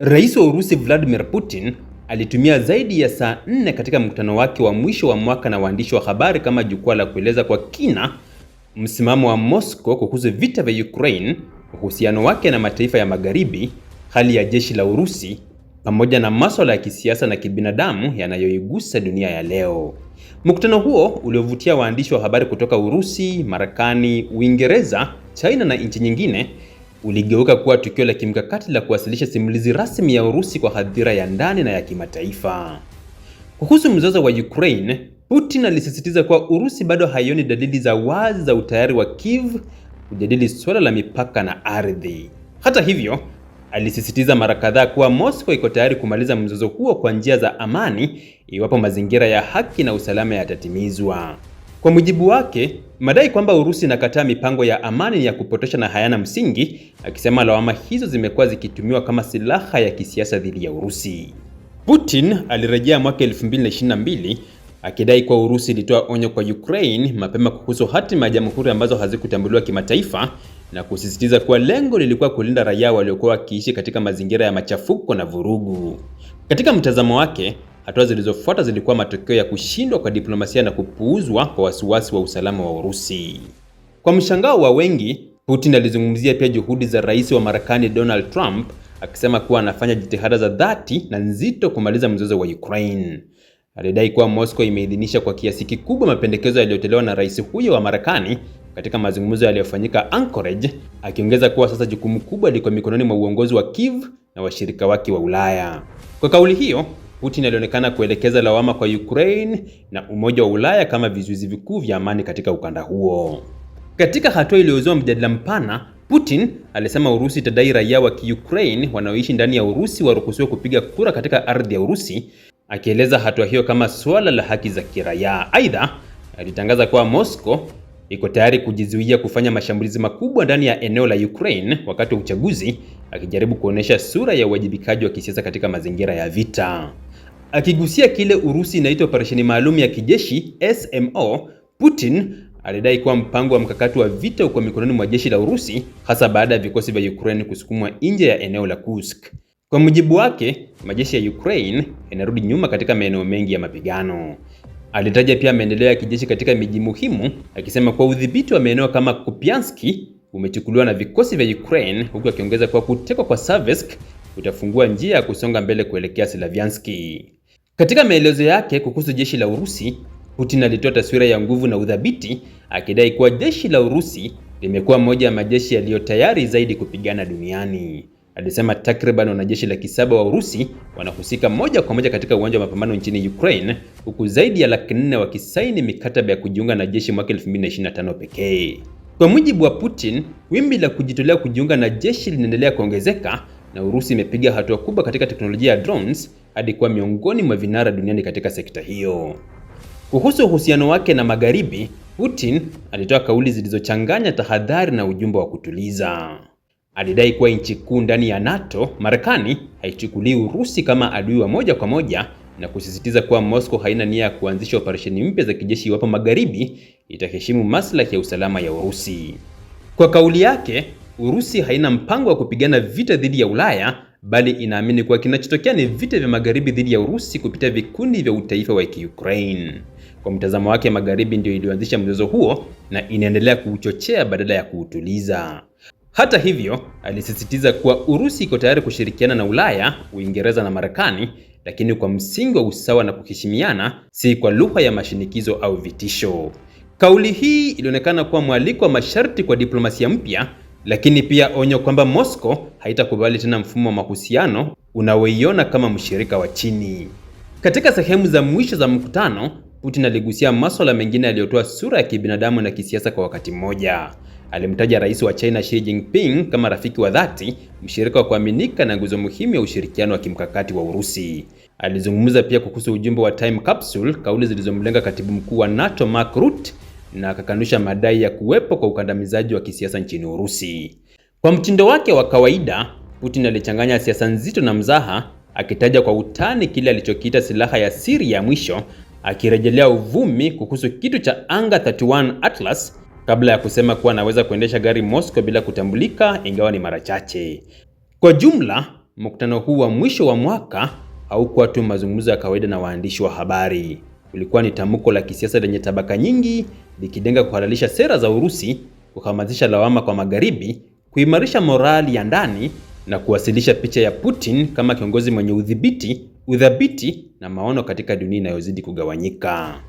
Rais wa Urusi Vladimir Putin alitumia zaidi ya saa nne katika mkutano wake wa mwisho wa mwaka na waandishi wa habari kama jukwaa la kueleza kwa kina msimamo wa Moscow kuhusu vita vya Ukraine, uhusiano wake na mataifa ya Magharibi, hali ya jeshi la Urusi pamoja na masuala ya kisiasa na kibinadamu yanayoigusa dunia ya leo. Mkutano huo uliovutia waandishi wa habari kutoka Urusi, Marekani, Uingereza, China na nchi nyingine uligeuka kuwa tukio la kimkakati la kuwasilisha simulizi rasmi ya Urusi kwa hadhira ya ndani na ya kimataifa. Kuhusu mzozo wa Ukraine, Putin alisisitiza kuwa Urusi bado haioni dalili za wazi za utayari wa Kiev kujadili suala la mipaka na ardhi. Hata hivyo, alisisitiza mara kadhaa kuwa Moscow iko tayari kumaliza mzozo huo kwa njia za amani iwapo mazingira ya haki na usalama yatatimizwa. Kwa mujibu wake, madai kwamba Urusi inakataa mipango ya amani ni ya kupotosha na hayana msingi, akisema lawama hizo zimekuwa zikitumiwa kama silaha ya kisiasa dhidi ya Urusi. Putin alirejea mwaka 2022 akidai kuwa Urusi ilitoa onyo kwa Ukraine mapema kuhusu hatima ya jamhuri ambazo hazikutambuliwa kimataifa na kusisitiza kuwa lengo lilikuwa kulinda raia waliokuwa wakiishi katika mazingira ya machafuko na vurugu. Katika mtazamo wake, Hatua zilizofuata zilikuwa matokeo ya kushindwa kwa diplomasia na kupuuzwa kwa wasiwasi wa usalama wa Urusi. Kwa mshangao wa wengi, Putin alizungumzia pia juhudi za rais wa Marekani Donald Trump akisema kuwa anafanya jitihada za dhati na nzito kumaliza mzozo wa Ukraine. Alidai kuwa Moscow imeidhinisha kwa kiasi kikubwa mapendekezo yaliyotolewa na rais huyo wa Marekani katika mazungumzo yaliyofanyika Anchorage, akiongeza kuwa sasa jukumu kubwa liko mikononi mwa uongozi wa Kiev na washirika wake wa Ulaya. Kwa kauli hiyo Putin alionekana kuelekeza lawama kwa Ukraine na Umoja wa Ulaya kama vizuizi vikuu vya amani katika ukanda huo. Katika hatua iliyozua mjadala mpana, Putin alisema Urusi itadai raia wa Kiukraine wanaoishi ndani ya Urusi waruhusiwe kupiga kura katika ardhi ya Urusi, akieleza hatua hiyo kama suala la haki za kiraia. Aidha, alitangaza kuwa Moscow iko tayari kujizuia kufanya mashambulizi makubwa ndani ya eneo la Ukraine wakati wa uchaguzi, akijaribu kuonyesha sura ya uwajibikaji wa kisiasa katika mazingira ya vita. Akigusia kile Urusi inaita operesheni maalum ya kijeshi SMO, Putin alidai kuwa mpango wa mkakati wa vita uko mikononi mwa jeshi la Urusi, hasa baada ya vikosi vya Ukraine kusukumwa nje ya eneo la Kursk. Kwa mujibu wake, majeshi ya Ukraine yanarudi nyuma katika maeneo mengi ya mapigano. Alitaja pia maendeleo ya kijeshi katika miji muhimu, akisema kuwa udhibiti wa maeneo kama Kupiansk umechukuliwa na vikosi vya Ukraine, huku akiongeza kuwa kutekwa kwa Savitsk utafungua njia ya kusonga mbele kuelekea Slavianski. Katika maelezo yake kuhusu jeshi la Urusi, Putin alitoa taswira ya nguvu na udhabiti, akidai kuwa jeshi la Urusi limekuwa moja ya majeshi yaliyo tayari zaidi kupigana duniani. Alisema takriban wanajeshi laki saba wa Urusi wanahusika moja kwa moja katika uwanja wa mapambano nchini Ukraine, huku zaidi ya laki nne wakisaini mikataba ya kujiunga na jeshi mwaka 2025 pekee. Kwa mujibu wa Putin, wimbi la kujitolea kujiunga na jeshi linaendelea kuongezeka na Urusi imepiga hatua kubwa katika teknolojia ya drones hadi kuwa miongoni mwa vinara duniani katika sekta hiyo. Kuhusu uhusiano wake na Magharibi, Putin alitoa kauli zilizochanganya tahadhari na ujumbe wa kutuliza. Alidai kuwa nchi kuu ndani ya NATO, Marekani, haichukulii Urusi kama adui wa moja kwa moja na kusisitiza kuwa Moscow haina nia ya kuanzisha operesheni mpya za kijeshi iwapo Magharibi itaheshimu maslahi ya usalama ya Urusi. Kwa kauli yake, Urusi haina mpango wa kupigana vita dhidi ya Ulaya bali inaamini kuwa kinachotokea ni vita vya magharibi dhidi ya Urusi kupitia vikundi vya utaifa wa Ukraine. Kwa mtazamo wake, magharibi ndio iliyoanzisha mzozo huo na inaendelea kuuchochea badala ya kuutuliza. Hata hivyo, alisisitiza kuwa Urusi iko tayari kushirikiana na Ulaya, Uingereza na Marekani, lakini kwa msingi wa usawa na kuheshimiana, si kwa lugha ya mashinikizo au vitisho. Kauli hii ilionekana kuwa mwaliko wa masharti kwa diplomasia mpya lakini pia onyo kwamba Moscow haitakubali tena mfumo wa mahusiano unaoiona kama mshirika wa chini. Katika sehemu za mwisho za mkutano, Putin aligusia masuala mengine yaliyotoa sura ya kibinadamu na kisiasa kwa wakati mmoja. Alimtaja rais wa China Xi Jinping kama rafiki wa dhati, mshirika wa kuaminika na nguzo muhimu ya ushirikiano wa kimkakati wa Urusi. Alizungumza pia kuhusu ujumbe wa time capsule, kauli zilizomlenga katibu mkuu wa NATO Mark Rutte na akakanusha madai ya kuwepo kwa ukandamizaji wa kisiasa nchini Urusi. Kwa mtindo wake wa kawaida, Putin alichanganya siasa nzito na mzaha, akitaja kwa utani kile alichokiita silaha ya siri ya mwisho, akirejelea uvumi kuhusu kitu cha anga 31 Atlas kabla ya kusema kuwa anaweza kuendesha gari Moscow bila kutambulika, ingawa ni mara chache. Kwa jumla, mkutano huu wa mwisho wa mwaka haukuwa tu mazungumzo ya kawaida na waandishi wa habari. Ulikuwa ni tamko la kisiasa lenye tabaka nyingi likilenga kuhalalisha sera za Urusi, kuhamasisha lawama kwa magharibi, kuimarisha morali ya ndani na kuwasilisha picha ya Putin kama kiongozi mwenye udhibiti, udhabiti na maono katika dunia inayozidi kugawanyika.